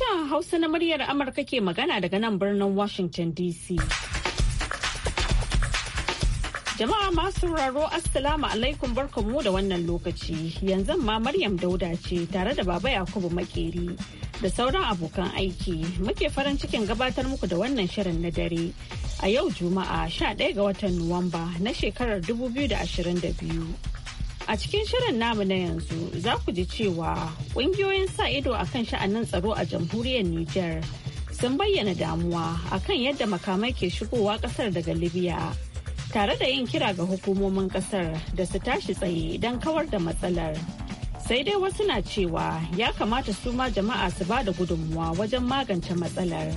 Sashen Hausa na muryar Amurka ke magana daga nan birnin Washington DC. Jama'a masu raro Assalamu alaikum barkanmu da wannan lokaci. Yanzu ma Maryam Dauda ce tare da Baba Yakubu Makeri da sauran abokan aiki. Muke farin cikin gabatar muku da wannan shirin na dare. A yau Juma'a 11 ga watan Nuwamba na shekarar 2022. A cikin shirin namu na yanzu za ku ji cewa ƙungiyoyin sa ido a kan sha'anin tsaro a jamhuriyar Nijar sun bayyana damuwa a kan yadda makamai ke shigowa ƙasar daga Libya. Tare da yin kira ga hukumomin ƙasar da su tashi tsaye don kawar da matsalar. Sai dai wasu na cewa ya kamata su ma jama'a su ba da gudunmuwa wajen magance matsalar.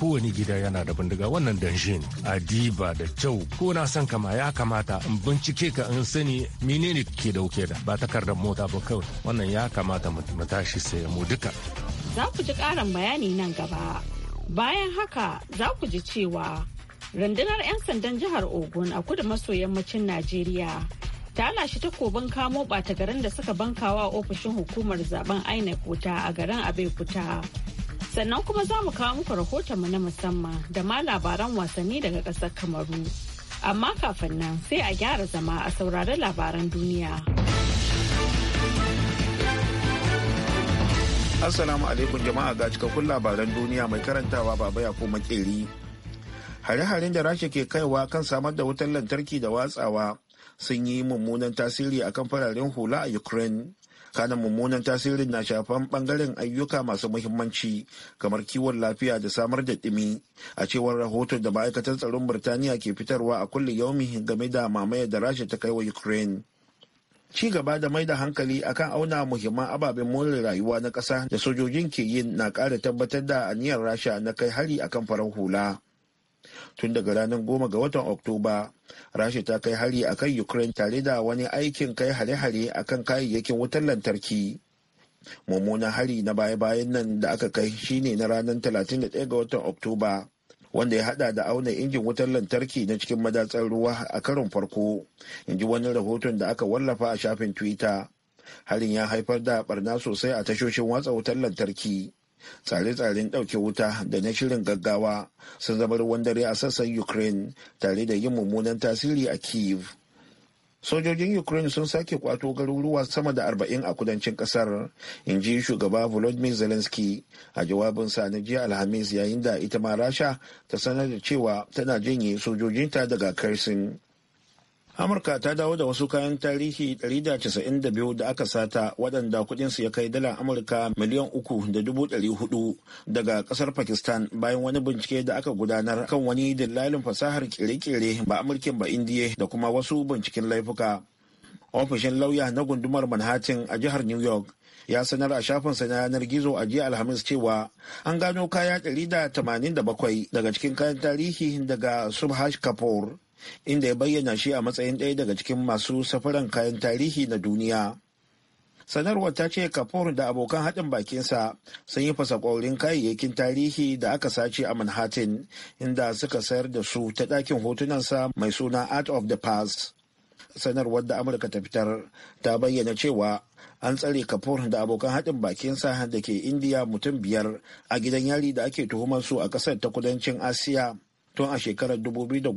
kowane gida yana da bindiga wannan danshin ne a ba da kyau ko na san kama ya kamata in bincike ka in sani menene ke dauke da ba takardar mota ba kawai wannan ya kamata mu tashi sai mu duka za ku ji karin bayani nan gaba bayan haka za ku ji cewa rundunar 'yan sandan jihar ogun a kudu maso yammacin najeriya ta lashe takobin kamo bata garin da suka bankawa ofishin hukumar zaben inec wuta a garin abeokuta sannan kuma za mu kawo muku rahotonmu na musamman da ma labaran wasanni daga ƙasar kamaru amma kafin nan sai a gyara zama a saurari labaran duniya assalamu alaikum jama'a ga cikakkun labaran duniya mai karantawa baba ya ko makeri hare-haren da rasha ke kaiwa kan samar da wutar lantarki da watsawa sun yi mummunan tasiri akan fararen hula a ukraine kanan mummunan tasirin na shafan bangaren ayyuka masu muhimmanci kamar kiwon lafiya da samar da ɗimi a cewar rahoton da ma'aikatan tsaron birtaniya ke fitarwa a kulle yaumi game da mamayar da rasha ta kai wa ukraine ci gaba da mai da hankali akan auna muhimman ababen more rayuwa na ƙasa da sojojin ke yin na ƙara tabbatar da aniyar rasha na kai hari akan farar hula tun daga ranar goma ga watan oktoba rasha ta kai hari a kan ukraine tare da wani aikin kai hare-hare a kan kayayyakin wutar lantarki mummunan hari na baya-bayan nan da aka kai shine na ranar 31 ga watan oktoba wanda ya hada da auna injin wutar lantarki na cikin madatsar ruwa a karon farko in ji wani rahoton da aka wallafa a shafin twitter harin ya haifar da barna sosai a tashoshin watsa wutar lantarki tsare-tsaren ɗauke wuta da na shirin gaggawa sun zama ruwan dare a sassan ukraine tare da yin mummunan tasiri a kiev sojojin ukraine sun sake kwato garuruwa sama da arba'in a kudancin kasar in ji shugaba volodymyr zelensky a jawabin sa na jiya alhamis yayin da ita ma rasha ta sanar da cewa tana jinye sojojinta daga kersin amurka ta dawo da wasu kayan tarihi 192 da aka sata waɗanda kudinsu ya kai dala amurka miliyan uku da dubu ɗari hudu daga ƙasar pakistan bayan wani bincike da aka gudanar kan wani dillalin fasahar kire kere ba amurkin ba indiya da kuma wasu binciken laifuka ofishin lauya na gundumar manhattan a jihar new york ya sanar a shafin na yanar gizo a jiya alhamis cewa an gano kaya 187 daga cikin kayan tarihi daga subhash kapoor inda ya bayyana shi a matsayin ɗaya daga cikin masu safaran kayan tarihi na duniya. sanarwar ta ce kapoor da abokan haɗin bakinsa sun yi fasa fasakwaurin kayayyakin tarihi da aka sace a manhattan inda suka sayar da su ta ɗakin hotunansa mai suna art of the past sanarwar da amurka ta fitar ta bayyana cewa an tsare kapoor da abokan haɗin bakinsa da ke indiya mutum biyar a gidan yari da ake tuhumar su a ƙasar ta kudancin asiya tun a shekarar 2011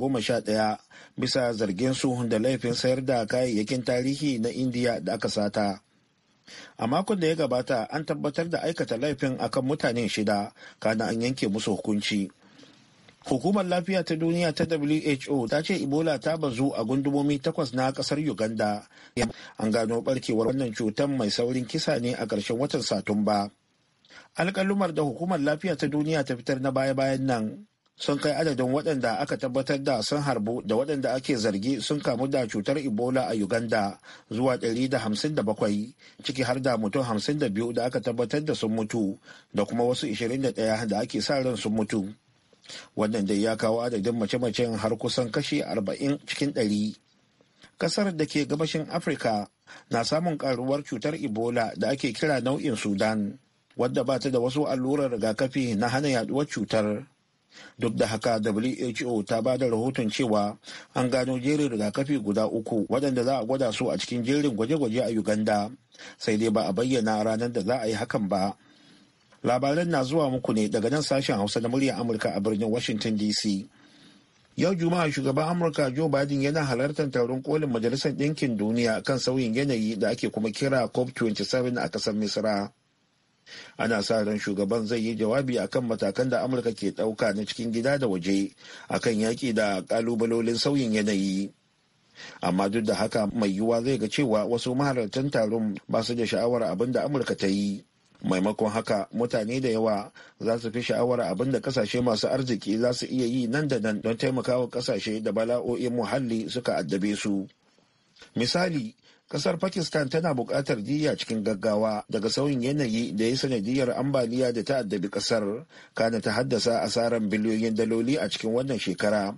bisa zargin su da laifin sayar da kayayyakin tarihi na indiya da aka sata a makon da ya gabata an tabbatar da aikata laifin akan mutane shida kana an yanke musu hukunci hukumar lafiya ta duniya ta who ta ce ebola ta bazu a gundumomi takwas na kasar uganda an gano barkewar wannan cutar mai saurin kisa ne a ƙarshen watan satumba alkalumar da hukumar lafiya ta duniya ta fitar na baya-bayan nan sun kai adadin waɗanda aka tabbatar da sun harbu da waɗanda ake zargi sun kamu da cutar ebola a uganda zuwa 157 ciki har da mutum 52 da aka tabbatar da sun mutu da kuma wasu 21 da ake sa ran sun mutu wannan dai ya kawo adadin mace-macen har kusan kashe 40 cikin 100 kasar da ke gabashin afirka na samun karuwar cutar ebola da ake kira nau'in sudan wadda ba ta da wasu allurar rigakafi na hana yaduwar cutar duk da haka who ta ba da rahoton cewa an gano jerin rigakafi guda uku waɗanda za a gwada su a cikin jerin gwaje-gwaje a uganda sai dai ba a bayyana ranar da za a yi hakan ba labaran na zuwa muku ne daga nan sashen hausa na muryar amurka a birnin washington dc yau juma'a shugaban amurka joe biden yana halartar taron kolin majalisar ɗinkin duniya kan sauyin yanayi da ake kuma kira cop 27 a ƙasar misra ana sa ran shugaban zai yi jawabi akan matakan da amurka ke ɗauka na cikin gida da waje akan yaƙi da ƙalubalolin sauyin yanayi amma duk da haka mai yiwuwa zai ga cewa wasu mahalartan taron ba su da sha'awar abin da amurka ta yi maimakon haka mutane da yawa za su fi sha'awar abin da kasashe masu arziki za su iya yi nan da nan don taimakawa kasashe da bala'o'in muhalli suka addabe su misali kasar pakistan tana buƙatar jiya cikin gaggawa daga sauyin yanayi da ya sanadiyar ambaliya da ta addabi kasar kana ta haddasa asaran biliyoyin daloli a cikin wannan shekara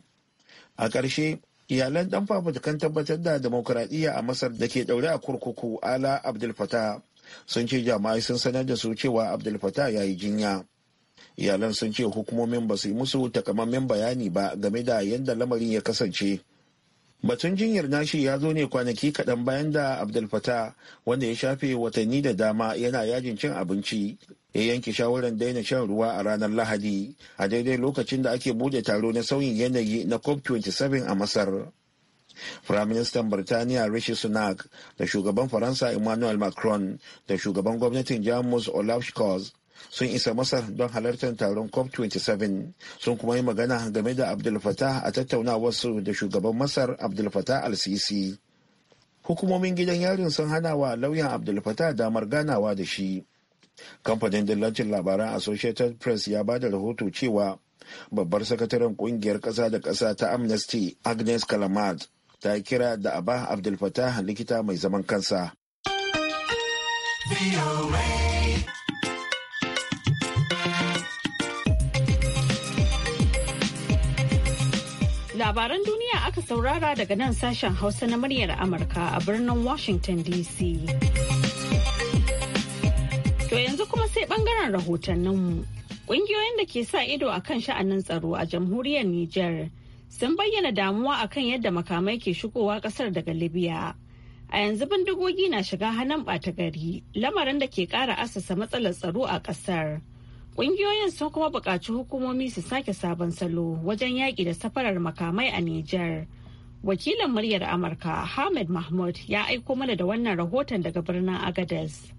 a ƙarshe iyalan dan fafutukan tabbatar da demokuraɗiyya a masar da ke ɗaure a kurkuku ala abdul sun ce jama'ai sun sanar da su cewa abdul ya yi jinya iyalan sun ce hukumomin ba su yi musu takamammen bayani ba game da yadda lamarin ya kasance Batun jinyar nashi ya zo ne kwanaki kaɗan bayan da Abdul Fattah wanda ya shafe watanni da dama yana yajin cin abinci ya yanke shawarar daina shan ruwa a ranar Lahadi a daidai lokacin da ake bude taro na sauyin yanayi na COP27 a Masar. Firaministan Birtaniya Rishi Sunak da shugaban Faransa Emmanuel Macron da shugaban gwamnatin Jamus Olaf Scholz sun isa masar don halartar taron cop 27 sun kuma yi magana game da abdul fatah a tattaunawarsu da shugaban masar abdul fatah al-sisi hukumomin gidan yarin sun hana wa lauyan abdul fatah damar ganawa da shi kamfanin dillancin labaran associated press ya ba da rahoto cewa babbar sakataren kungiyar kasa da kasa ta amnesty agnes kalamat ta kira da abba abdul fatah likita mai zaman kansa. Labaran duniya aka saurara daga nan sashen Hausa na muryar Amurka a birnin Washington DC. To yanzu kuma sai bangaren rahotanninmu. Ƙungiyoyin da ke sa ido a kan sha'anin tsaro a jamhuriyar Nijar sun bayyana damuwa akan yadda makamai ke shigowa ƙasar daga Libya. A yanzu bindigogi na shiga hannun ɓata gari, lamarin da ke ƙara asasa matsalar tsaro a ƙasar. Ƙungiyoyin sun kuma buƙaci hukumomi su sake sabon salo wajen yaƙi da safarar makamai a Nijar. Wakilin muryar Amurka Ahmed Mahmud ya aiko mana da wannan rahoton daga birnin Agadez.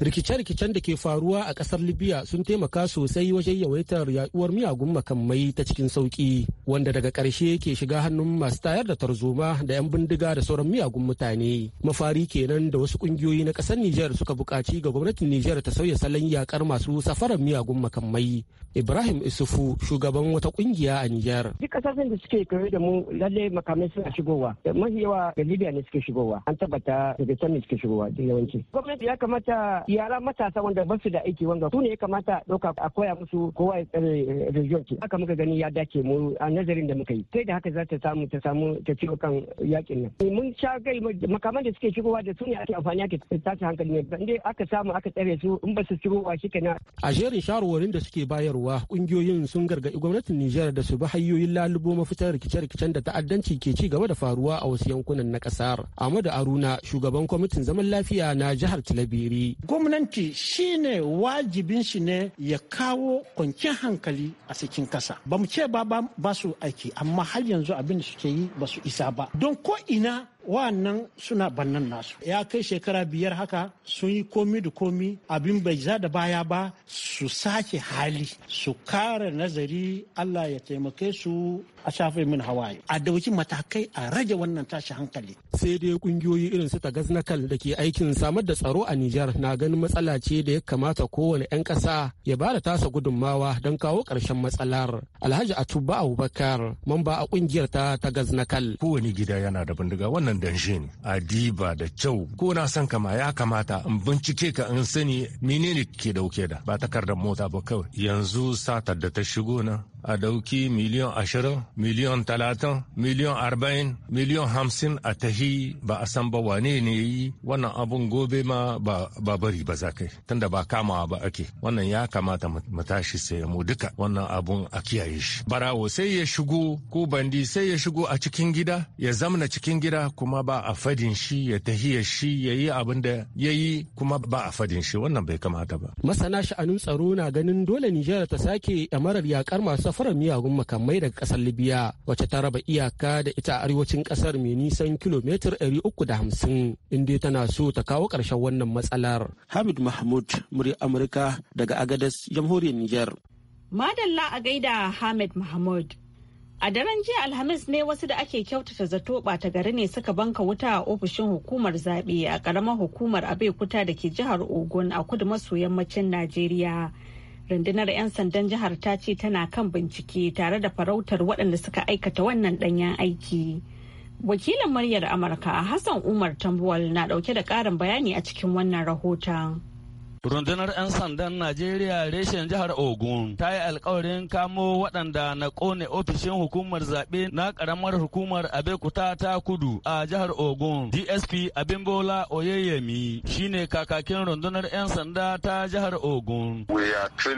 rikice-rikicen da ke faruwa a kasar libya sun taimaka sosai wajen yawaitar yaduwar miyagun makamai ta cikin sauki wanda daga ƙarshe ke shiga hannun masu tayar da tarzoma da 'yan bindiga da sauran miyagun mutane mafari kenan da wasu ƙungiyoyi na kasar niger suka buƙaci ga gwamnatin niger ta sauya salon yakar masu safarar miyagun makamai ibrahim isufu shugaban wata kungiya a niger duk ƙasashen da suke kewaye da mu lalle makamai suna shigowa mafi yawa da libya ne suke shigowa an tabbata daga can ne suke shigowa yawanci gwamnati ya kamata yara matasa wanda ba su da aiki wanga su ne ya kamata ɗauka a koya musu kowa ya tsare eh, region ke haka muka gani ya dace mu a nazarin da muka yi sai da haka za ta samu ta samu ta ciwo kan yakin nan eh, mun sha gai makaman da suke shigowa da su ne ake amfani ake tace hankali ne dai aka samu aka tsare su in ba su a shi kenan a jerin shawarwarin da suke bayarwa kungiyoyin sun gargaɗi gwamnatin Nijar da su bi hanyoyin lalubo mafitar rikice-rikicen da ta'addanci ke ci gaba da faruwa a wasu yankunan na kasar Ahmadu Aruna shugaban kwamitin zaman lafiya na jihar Tilabiri gwamnati shine wajibin shi ne ya kawo kwanciyar hankali a cikin kasa ba mu ce ba ba su aiki amma har yanzu abin da suke yi ba su isa ba don ko ina wa'annan suna bannan nasu ya kai shekara biyar haka sun yi komi da komi abin bai za da baya ba su sake hali su kara nazari allah ya taimake su a shafe min hawaye a dauki matakai a rage wannan tashi hankali sai dai kungiyoyi irin su ta tagaznakal da ke aikin samar da tsaro a nijar na ganin matsala ce da ya kamata kowane 'yan ƙasa ya bada tasa gudummawa don kawo ƙarshen matsalar alhaji atuba abubakar mamba a kungiyar ta tagaznakal kowane gida yana da bindiga wannan wannan danshe ne a diba da kyau ko na san kama ya kamata in bincike ka in sani menene ke dauke da ba takardar mota ba kawai yanzu satar da ta shigo na a dauki miliyan ashirin miliyan talatin miliyan arba'in miliyan hamsin a tahi ba a san ba wane ne yi wannan abun gobe ma ba bari ba za kai tunda ba kamawa ba ake wannan ya kamata mu tashi sai mu duka wannan abun a kiyaye shi barawo sai ya shigo ko bandi sai ya shigo a cikin gida ya zamna cikin gida kuma ba a fadin shi ya tahiya shi ya yi abin da ya yi kuma ba a fadin shi wannan bai kamata ba. Masana sha'anin tsaro na ganin dole Nijar ta sake amarar yakar masu safarar miyagun makamai daga kasar Libya wacce ta raba iyaka da ita a arewacin kasar mai nisan kilomitar uku da hamsin inda tana so ta kawo ƙarshen wannan matsalar. Hamid Mahmud, murya Amurka daga Agadez, jamhuriyar Nijar. Madalla a gaida Hamid Mahmud. A daren jiya Alhamis ne wasu da ake kyautata zato ɓata gari ne suka banka wuta a ofishin hukumar zaɓe a ƙaramar hukumar Abeokuta da ke jihar Ogun a kudu maso yammacin Najeriya. Rundunar 'yan sandan jihar ta ce tana kan bincike tare da farautar waɗanda suka aikata wannan ɗanyen aiki. Wakilin muryar Amurka Hassan Umar Tambuwal na ɗauke da ƙarin bayani a cikin wannan rahoton. Rundunar 'yan sandan Najeriya reshen jihar Ogun ta yi alkawarin kamo waɗanda na ƙone ofishin hukumar zaɓe na ƙaramar hukumar Abekuta ta kudu a jihar Ogun. DSP Abimbola Oyeyemi shine kakakin rundunar 'yan sanda ta jihar Ogun. We uh, we,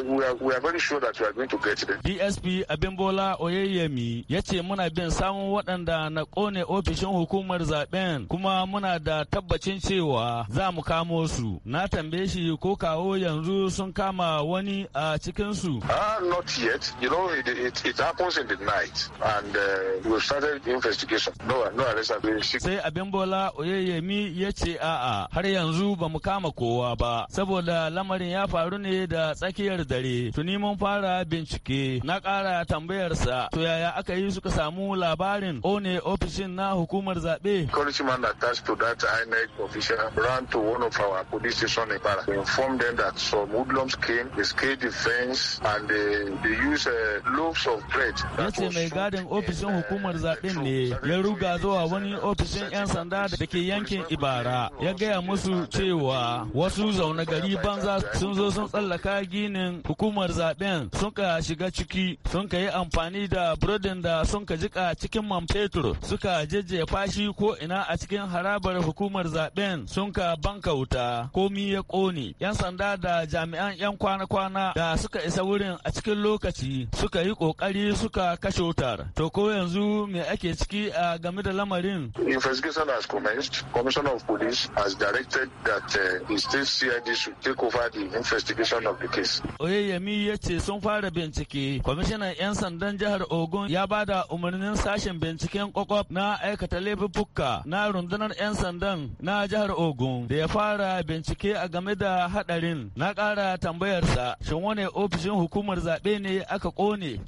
we, we to get DSP Abimbola Oyeyemi ya ce muna bin samun waɗanda na ƙone ofishin hukumar zaɓen kuma muna da tabbacin cewa za mu kamo su. su na tambaye shi ko kawo yanzu sun kama wani a cikin su ah not yet you know it, it, it happens in the night and uh, we started investigation no no arrest sai abin bola oyeyemi yace a a'a har yanzu ba mu kama kowa ba saboda lamarin ya faru ne da tsakiyar dare tuni mun fara bincike na ƙara tambayarsa to yaya aka yi suka samu labarin one ofishin na hukumar zaɓe. Kwalishi man attached to that INEC official ran to one of our Kwara police station in Kwara. We informed them that some hoodlums came, they scaled the fence and they, uh, they used uh, loaves of bread. That was mai gadin ofishin uh, hukumar zaɓen ne ya ruga zuwa wani ofishin 'yan sanda da ke yankin Ibara ya gaya musu cewa wasu zaune gari banza sun zo sun tsallaka ginin hukumar zaɓen sun ka shiga ciki sun ka yi amfani da burodin da sun ka jika cikin man fetur suka jejjefa shi ko ina a cikin harabar hukumar zaɓen sun ka banka wuta. komi ya kone. 'Yan sanda da jami'an 'yan kwana-kwana da suka isa wurin a cikin lokaci suka yi kokari suka kashe wutar. To ko yanzu me ake ciki a game da lamarin? Investigation has commenced. Commissioner of Police has directed that uh, the state CID should take over the investigation of the case. Oyeyemi ya ce sun fara bincike. Kwamishinan 'yan sandan jihar Ogun ya ba da umarnin sashen binciken kwakwaf na aikata laifuffuka na rundunar 'yan sandan na jihar Ogun da ya fara bincike a game da hadarin na kara tambayarsa shin wani ofishin hukumar zaɓe ne aka ƙone.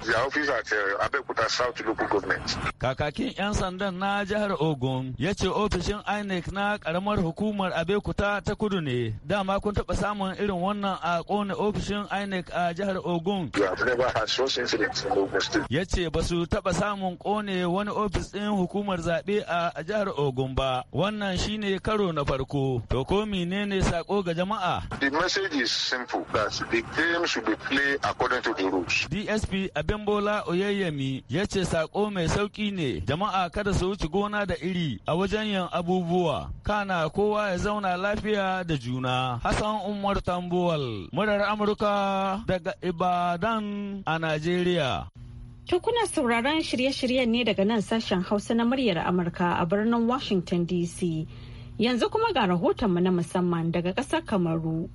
Uh, Kakakin 'yan sandan na jihar Ogun ya ce ofishin INEC na karamar hukumar Abekuta ta kudu ne. Dama kun taɓa samun irin wannan a ƙone ofishin INEC a jihar Ogun. Ya ce ba su taɓa samun ƙone wani ofis ɗin hukumar zaɓe a jihar Ogun ba. Wannan shine karo na farko. To ko ne menene sako ga jama'a? The message is simple that the game should be played according to the rules. DSP Abimbola Oyeyemi ya ce sako mai sauki ne jama'a kada su wuce gona da iri a wajen yin abubuwa. Kana kowa ya zauna lafiya da juna. hasan Umar Tambuwal, murar Amurka daga Ibadan a Najeriya. To kuna sauraron shirye-shiryen ne daga nan sashen Hausa na muryar Amurka a birnin Washington DC. Yanzu kuma ga rahoton mu na musamman daga ƙasar Kamaru.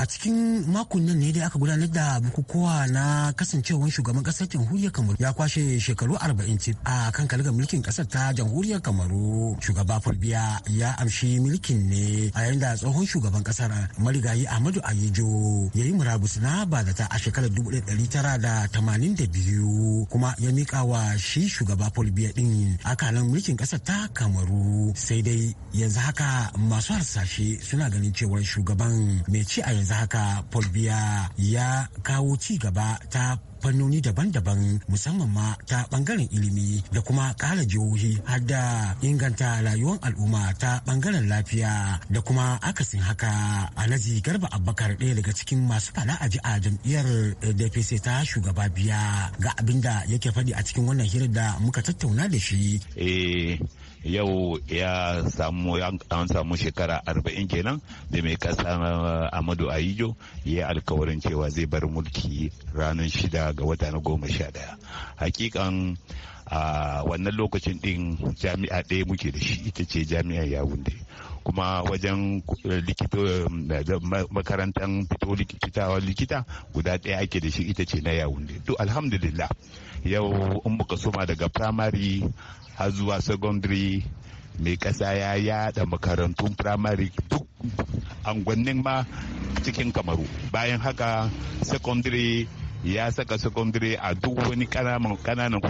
a cikin makon nan ne dai aka gudanar da bukukuwa na kasancewar shugaban kasar jamhuriyar kamaru ya kwashe shekaru 40 a kan kalgar mulkin kasar ta jamhuriyar kamaru shugaba fulbiya ya amshi mulkin ne a yayin da tsohon shugaban kasar marigayi ahmadu ayejo ya yi murabus na ta a shekarar da biyu. kuma ya miƙa wa shi shugaba fulbiya din akalan mulkin kasar ta kamaru sai dai yanzu haka masu harsashe suna ganin cewar shugaban mai ci a yanzu yanzu haka paul biya ya kawo ci gaba ta fannoni daban-daban musamman ma ta bangaren ilimi da kuma kara jihohi har da inganta rayuwar al'umma ta bangaren lafiya da kuma akasin haka alhaji garba abbakar ɗaya daga cikin masu fada a a jam'iyyar dpc ta shugaba biya ga abin da yake faɗi a cikin wannan hirar da muka tattauna da shi eh, yau ya samu an samu shekara arba'in kenan da mai kasa eh, amadu ayijo ya yi alkawarin cewa zai bar mulki ranar shida ga wata na goma sha daya hakikan a ah, wannan lokacin din jami'a ɗaya muke da shi ita ce jami'ar dai kuma wajen eh, eh, makarantar fito likitawa likita guda ɗaya ake da shi ita ce na yawun yawunde to alhamdulillah yau in muka suma daga primary har zuwa secondary mai kasa ya yada makarantun primary duk angwannin ma cikin kamaru bayan haka secondary ya saka secondary a duk wani kananan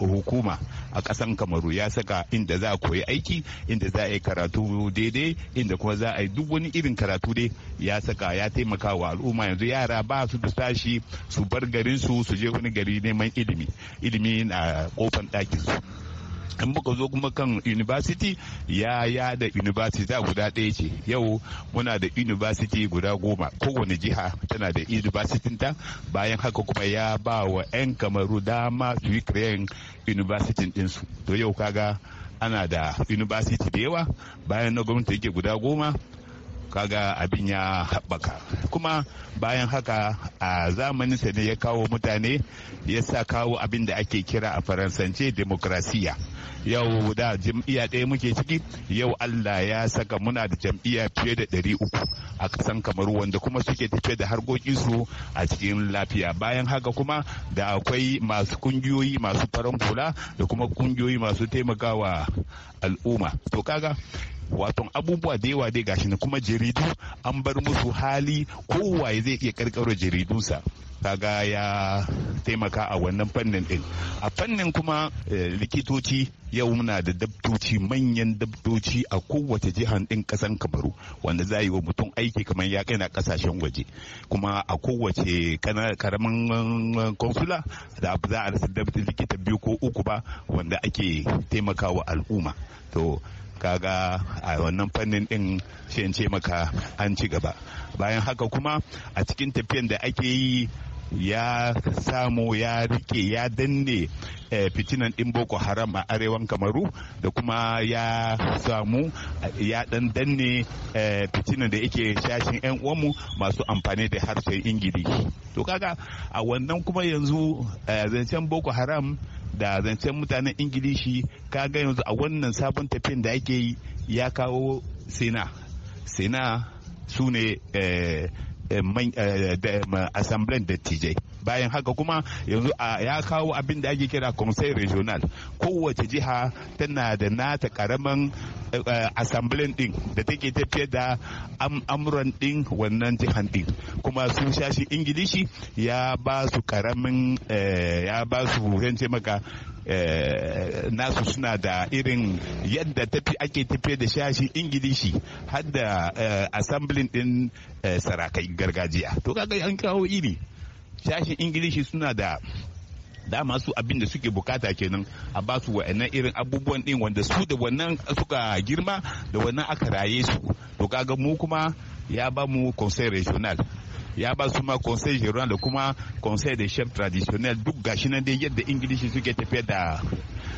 hukuma a kasan kamaru ya saka inda za a koyi aiki inda za a yi karatu daidai inda kuma za a yi duk wani irin karatu dai ya saka ya taimaka wa al'umma yanzu yara ba su da tashi su bar garin su su je wani gari neman ilimi ilimi na kofan ɗakin su in muka zo kuma kan university ya ya da university guda ɗaya ce yau muna da university guda goma kowane jiha tana da university ta bayan haka kuma ya ba wa 'yan kamaru dama su yi university ɗinsu to yau kaga ana da university da yawa bayan na gwamnati yake guda goma kaga abin ya haɓaka kuma bayan haka a zamaninsa ne ya kawo mutane ya sa kawo abin da ake kira a faransance demokrasiya yau da jam'iyya ɗaya muke ciki yau allah ya saka muna da jam'iyya fiye da ɗari uku a kasan kamar wanda kuma suke tafiye da harkokin su a cikin lafiya bayan haka kuma da akwai masu kungiyoyi masu faran hula da kuma ƙungiyoyi masu taimakawa al'umma to kaga wato abubuwa da yawa dai gashi kuma jaridu an bar musu hali kowaye zai iya karkaro jaridunsa kaga ya taimaka a wannan fannin din a fannin kuma eh, likitoci yau muna da dabtoci manyan dabtoci a kowace jihar din kasan kamaru wanda za yi wa mutum aiki kamar ya kai na kasashen waje kuma a kowace karamin konsula eh, da za a rasa likita biyu ko uku ba wanda ake taimakawa al'umma to kaga a wannan fannin din shi ce maka an ci gaba bayan haka kuma a cikin tafiyan da ake yi ya samu ya rike ya danne eh, fitinan din boko haram a arewan kamaru da kuma ya samu ya dan danne eh, fitinan da yake shashin yan uwanmu masu amfani da harshen ingilishi to kaga a wannan kuma yanzu eh, zancen boko haram da zancen mutanen ingilishi ka ga yanzu a wannan sabon tafiyan da ake yi ya kawo sena sena su ne eh, de eh, eh, dattijai bayan haka kuma yanzu ya kawo abin da ake kira conseil regional kowace jiha tana da nata karamin eh, assemblée din da take tafiyar da amuran din wannan jihan din kuma su shashi ingilishi ya ba su karamin ya ba su maka Eh, nasu suna da irin yadda tafi ake tafiye da shashi ingilishi har da eh, din eh, sarakai gargajiya to kaga an kawo iri shashi ingilishi suna da dama su abin da suke bukata kenan a ba su wa'annan irin abubuwan din wanda su da wannan suka girma da wannan aka raye su to kaga mu kuma ya ba mu conseil regional ya ba su ma conseil général da kuma conseil de chefs traditionnel duk gashi nan dai yadda ingilishi suke tafiya da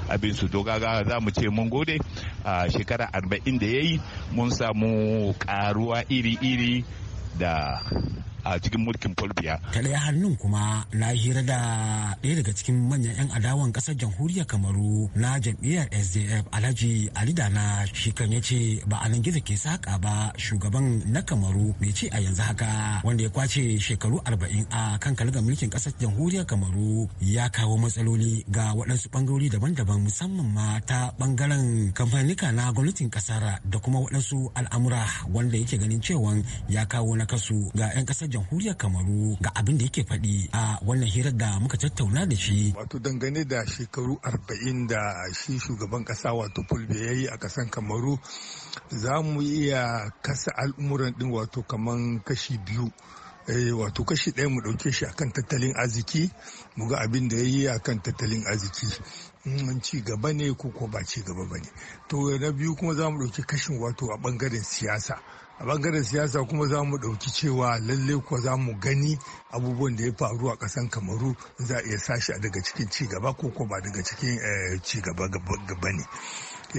abin su to za mu ce mun gode a shekara arba'in da ya yi mun samu karuwa iri-iri da a cikin mulkin Fulbiya. ta ɗaya hannun kuma na hira da ɗaya daga cikin manyan 'yan adawan ƙasar jamhuriya kamaru na jam'iyyar sdf alhaji ali dana shi kan ya ce ba a nan gizo ke saƙa ba shugaban na kamaru mai ce a yanzu haka wanda ya kwace shekaru arba'in a kan kalgar mulkin ƙasar jamhuriya kamaru ya kawo matsaloli ga waɗansu bangarori daban-daban musamman ma ta ɓangaren kamfanika na gwamnatin ƙasar da kuma waɗansu al'amura wanda yake ganin cewa ya kawo na kasu ga 'yan ƙasar jamhuriyar kamaru ga abin da yake faɗi a wannan hirar da muka tattauna da shi wato dangane da shekaru arba'in da shi shugaban kasa wato fulbe ya yi a kasan kamaru za mu iya kasa al'umuran din wato kaman kashi biyu eh, wato kashi ɗaya mu ɗauke shi akan tattalin arziki mu ga abin da ya yi akan tattalin arziki in mm, ci gaba ne ko ko ba ci gaba ba ne to na biyu kuma za mu ɗauki kashin wato a ɓangaren siyasa a bangaren siyasa kuma za mu ɗauki cewa lalle kuwa za mu gani abubuwan da ya faru a ƙasan kamaru za a iya sashi daga cikin cigaba ko kuma daga cikin eh, cigaba gaba ne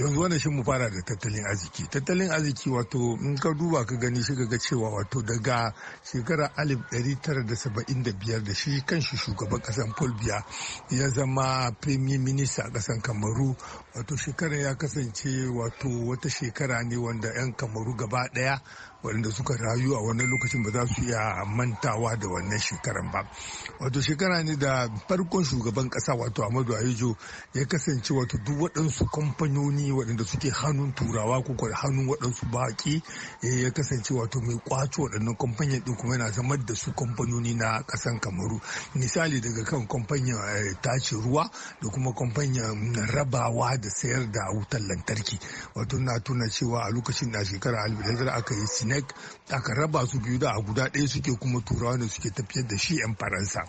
yanzu wannan shi mu fara da tattalin arziki tattalin arziki wato in ka duba ka gani shi ga cewa wato daga shekara shekarar tara da saba'in da da biyar shi shi shugaban kasan Fulbiya ya zama premier minister a kasan Kamaru wato shekara ya kasance wato wata shekara ne wanda 'yan Kamaru gaba daya waɗanda suka rayu a wannan lokacin ba za su iya mantawa da wannan shekaran ba wato shekara ne da farkon shugaban ƙasa wato amadu ayijo ya kasance wato duk waɗansu kamfanoni waɗanda suke hannun turawa ko hannun waɗansu baƙi eh, ya kasance wato mai kwaci waɗannan kamfanin ɗin kuma yana zamar da su kamfanoni na ƙasan kamaru misali daga kan kamfanin eh, tace ruwa da kuma kamfanin rabawa da sayar da wutar lantarki wato na tuna cewa a lokacin da shekara alif da aka yi inec aka raba su biyu da a guda ɗaya suke kuma turawa ne suke tafiyar da shi 'yan faransa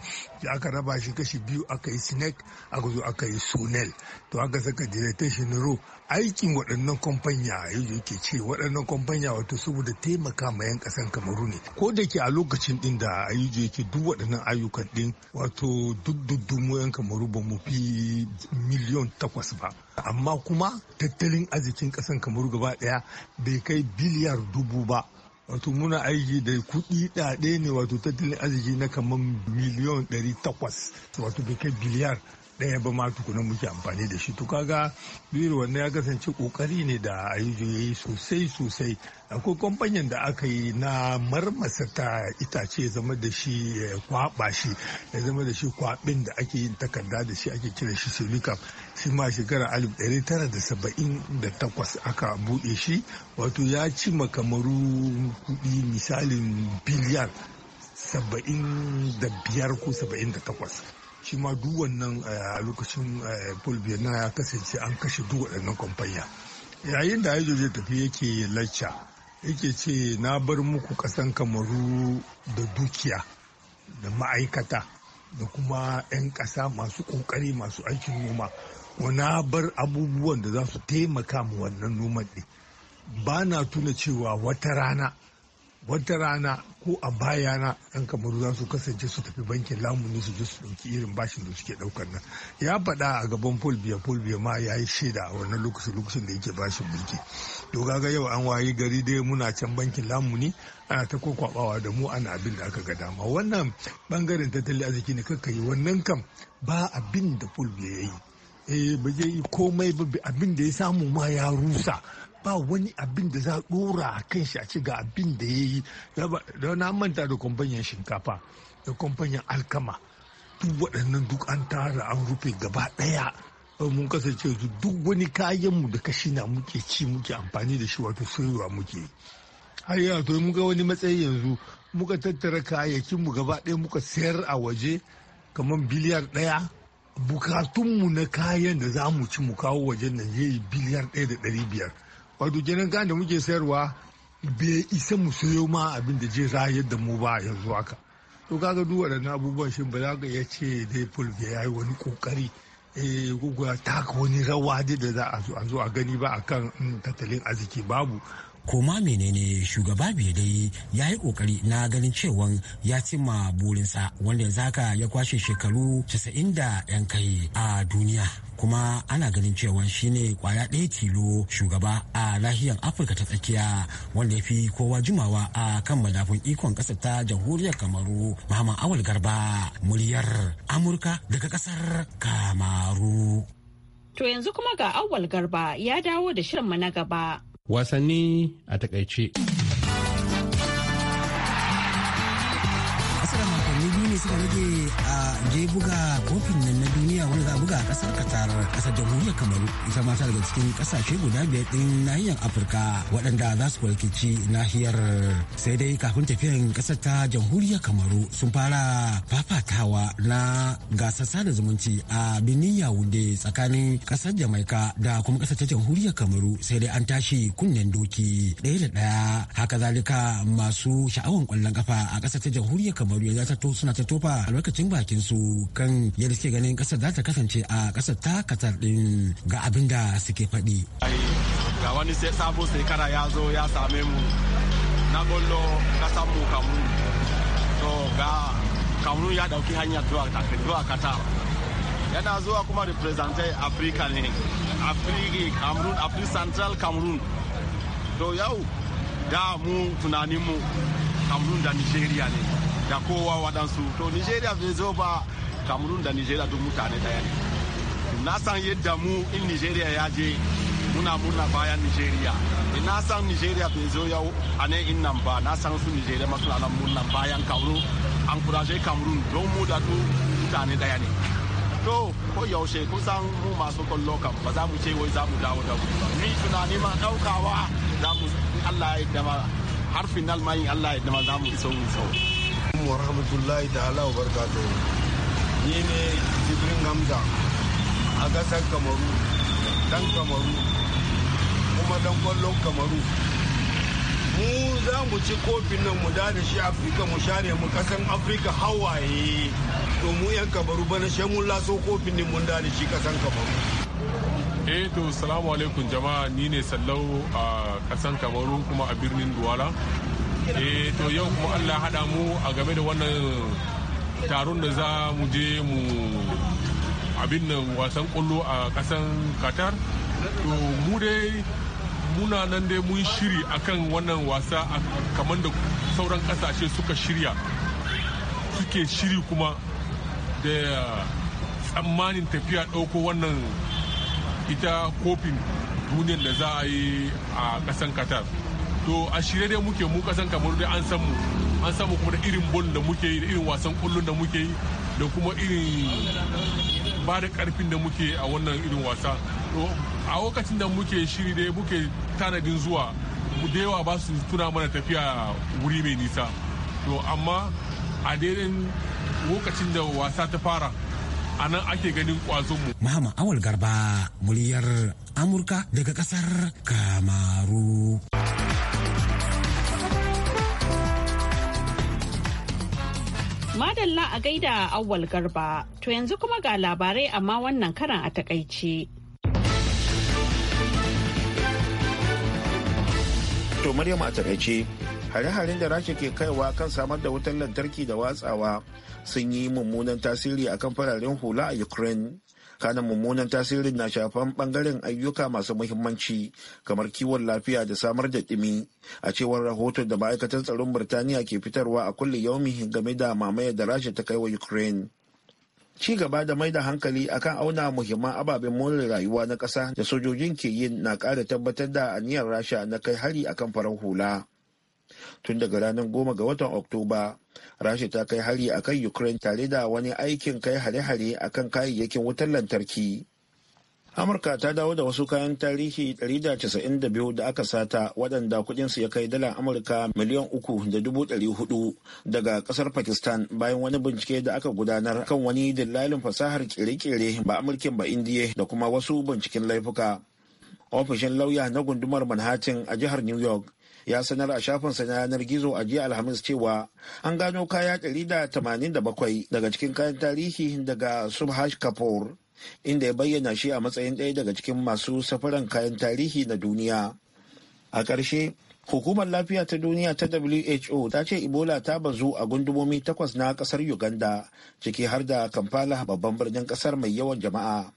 da aka raba shi kashi biyu aka yi sinec aka zo aka yi sunel to aka saka director general aikin waɗannan kwamfanya yake ce waɗannan kwamfanya wato saboda taimaka ma 'yan ƙasan kamaru ne ko da ke a lokacin ɗin da ayyuka yake duk waɗannan ayyukan ɗin wato duk duddumu 'yan kamaru ba mu fi miliyon takwas ba amma kuma tattalin arzikin ƙasan kamaru gaba ɗaya bai kai biliyar dubu ba wato muna aiki da kuɗi ɗaɗe ne wato tattalin arziki na kamar miliyon 800 wato bai kai biliyar ɗaya ba ma tukuna muke amfani da shi to kaga biyu wannan ya kasance kokari ne da ayi ya yi sosai sosai akwai kamfanyan da aka yi na marmasa ta itace ya zama da shi kwaba shi ya zama da shi kwabin da ake yin takarda da shi ake kira shi silicon shi ma shekara alif ɗari tara da saba'in da takwas aka buɗe shi wato ya ci makamaru kuɗi misalin biliyan saba'in da biyar ko saba'in da takwas shi ma duk wannan eh, a lokacin eh, paul na ya kasance an kashe duk waɗannan kwamfanya yayin da haijo zai tafi yake lacca yake ce na bar muku ƙasan kamaru da dukiya da ma'aikata da kuma 'yan ƙasa masu ƙoƙari masu aikin noma wana bar abubuwan da za su taimaka mu wannan noman ɗin ba na tuna cewa wata rana wata rana ko a bayana yan kamaru za su kasance su tafi bankin lamuni su je su ɗauki irin bashin da suke ɗaukar nan ya faɗa a gaban fulbiya fulbiya ma ya yi shaida a wannan lokacin lokacin da yake bashin mulki to kaga yau an wayi gari dai muna can bankin lamuni ana ta kwakwabawa da mu ana abin da aka ga dama wannan bangaren tattalin arziki ne kakka wannan kam ba abin da fulbiya ya yi eh ba zai yi komai ba abin da ya samu ma ya rusa ba wani abin da za a dora a kan shi a ci ga abin da ya yi na manta da kwamfanyan shinkafa da kwamfanyan alkama duk waɗannan duk an tara an rufe gaba ɗaya mun kasance duk wani kayanmu da kashi na muke ci muke amfani da shi wato soyuwa muke har yana to muka wani matsayi yanzu muka tattara kayayyakin gaba ɗaya muka sayar a waje kamar biliyar ɗaya bukatunmu na kayan da za mu ci mu kawo wajen nan ya yi biliyar ɗaya da ɗari biyar wato kenan kayan da muke sayarwa bai isa mu sayo ma abin da je rayar yadda mu ba yanzu haka to kaga duk waɗannan abubuwan shi ba za ka iya ce dai fulbe ya yi wani kokari guguwa eh, taka wani rawa da za a zo a gani ba akan mm, tattalin arziki babu koma menene shugaba dai ya yi kokari na ganin cewan ya cimma burinsa wanda yanzu haka ya kwashe shekaru 90 da 'yan kai a duniya kuma ana ganin cewa shine kwaya ɗaya tilo shugaba a lahiyar afirka ta tsakiya wanda ya fi kowa jimawa a kan madafun ikon ƙasar ta jamhuriyar kamaru mahama awal garba muryar amurka daga ƙasar kamaru to yanzu kuma ga awal garba ya dawo da shirinmu na gaba wasanni a takaice. Asara makonni biyu ne suka rage je buga kofin nan na duniya wanda za buga a kasar Qatar kasar jamhuriyar Kamaru ita mata daga cikin kasashe guda biyar din nahiyar Afirka waɗanda za su walkici nahiyar sai dai kafin tafiyan kasar ta jamhuriyar Kamaru sun fara fafatawa na gasar sada zumunci a binin Yawunde tsakanin kasar Jamaika da kuma kasar ta jamhuriyar Kamaru sai dai an tashi kunnen doki ɗaya da ɗaya haka zalika masu sha'awan kwallon kafa a kasar ta jamhuriyar Kamaru ya ta suna ta tofa albarkacin bakin su. su kan yadda suke ganin kasar za ta kasance a kasar ta katar din ga abin da suke faɗi. ga wani sabo kara ya zo ya same mu na gollo kasar mu kamu to ga kamu ya dauki hanyar zuwa katar yana zuwa kuma representai afirka ne afirki cameroon afirka central cameroon to yau da mu tunanin mu cameroon da nigeria ne da kowa waɗansu to nigeria bai zo ba cameroon da nigeria duk mutane daya ne na san yadda mu in nigeria ya je muna murna bayan nigeria na san nigeria bai zo yau a ne in nan ba na san su nigeria masu lalan murna bayan cameroon an kuraje cameroon don mu da duk mutane daya ne to ko yaushe kusan mu masu kallo kan ba za mu ce wai za mu dawo da mu ni tunani ma daukawa za mu Allah ya dama har final ma Allah ya yarda za mu so mu so alaikum wa rahmatullahi ta'ala wa barkato ni ne jibrin gamza a ƙasar kamaru dan kamaru kuma dan kwallon kamaru mu za mu ci kofin nan mu da shi afirka mu share mu kasan afirka hawaye to mu yan kamaru bana shi mun laso kofin ne mun da shi kasan kamaru. eh to salamu alaikum jama'a ni ne sallau a kasan kamaru kuma a birnin duwala Eh, to yau kuma allah haɗa mu a game da wannan taron da za mu je mu abin nan wasan kwallo a kasan qatar to mu dai muna nan dai mun shiri akan wannan wasa kamar da sauran ƙasashe suka shirya suke shiri kuma da tsammanin tafiya ɗauko wannan ita kofin duniyar da za a yi a ƙasan qatar to a shirye dai muke mu kasan kamar dai an san mu an san mu kuma da irin bol da muke yi da irin wasan kullun da muke yi da kuma irin ba da karfin da muke a wannan irin wasa to a lokacin da muke shiri dai muke tanadin zuwa da yawa ba su tuna mana tafiya wuri mai nisa to amma a daidai lokacin da wasa ta fara a nan ake ganin kwazon mu. Muhammad Awal Garba, muryar Amurka daga kasar Kamaru. Madalla a gaida awwal garba, to yanzu kuma ga labarai amma wannan karan a takaice. To Maryam a takaice, hare-haren da Rasha ke kaiwa kan samar da wutar lantarki da watsawa sun yi mummunan tasiri akan fararen hula a Ukraine. kanan mummunan tasirin na shafan bangaren ayyuka masu muhimmanci kamar kiwon lafiya da samar da ɗimi a cewar rahoton da ma'aikatan tsaron birtaniya ke fitarwa a kulle yaumi game da mamayar da rasha ta kai wa ukraine ci gaba da mai da hankali akan auna muhimman ababen more rayuwa na ƙasa da sojojin ke yin na ƙara tabbatar da aniyar rasha na kai hari akan farar hula tun daga ranar goma ga watan oktoba rasha ta kai hari a kan ukraine tare da wani aikin kai hare-hare a kan kayayyakin wutar lantarki amurka ta dawo da wasu kayan tarihi 192 da aka sata waɗanda kudinsu ya kai dala amurka miliyan uku daga ƙasar pakistan bayan wani bincike da aka gudanar kan wani dillalin fasahar kere-kere ba amurkin ba indiya da kuma wasu binciken laifuka ofishin lauya na gundumar manhattan a jihar new york ya sanar a shafinsa na yanar gizo a jiya alhamis cewa an gano kaya 187 daga cikin kayan tarihi daga subhash kapoor inda ya bayyana shi a matsayin ɗaya daga cikin masu safaran kayan tarihi na duniya a ƙarshe hukumar lafiya ta duniya ta who ta ce ebola ta bazu a gundumomi takwas na ƙasar uganda ciki har da kampala babban birnin ƙasar mai yawan jama'a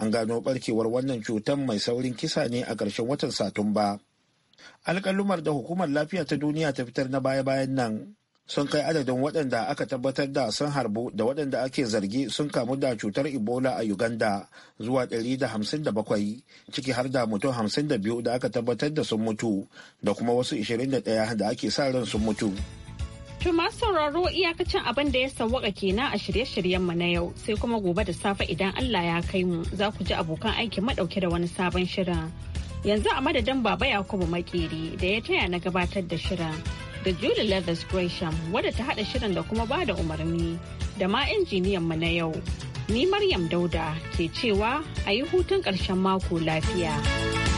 an gano barkewar wannan cutar mai saurin kisa ne a ƙarshen watan satumba alƙalumar da hukumar lafiya ta duniya ta fitar na baya-bayan nan sun kai adadin waɗanda aka tabbatar da sun harbu da waɗanda ake zargi sun kamu da cutar ebola a uganda zuwa 157 ciki har da mutum 52 da aka tabbatar da sun mutu da kuma wasu 21 da ake sa ran sun mutu. Wato masu sauraro iyakacin abin da ya sawwaka kenan a shirye-shiryenmu na yau sai kuma gobe da safe idan Allah ya kai mu za ku ji abokan aiki madauke da wani sabon shirin. Yanzu a madadin Baba Yakubu Makeri da ya taya na gabatar da shirin da Julie Leathers Gresham wadda ta haɗa shirin da kuma bada umarni da ma injiniyanmu na yau. Ni Maryam Dauda ke cewa a yi hutun ƙarshen mako lafiya.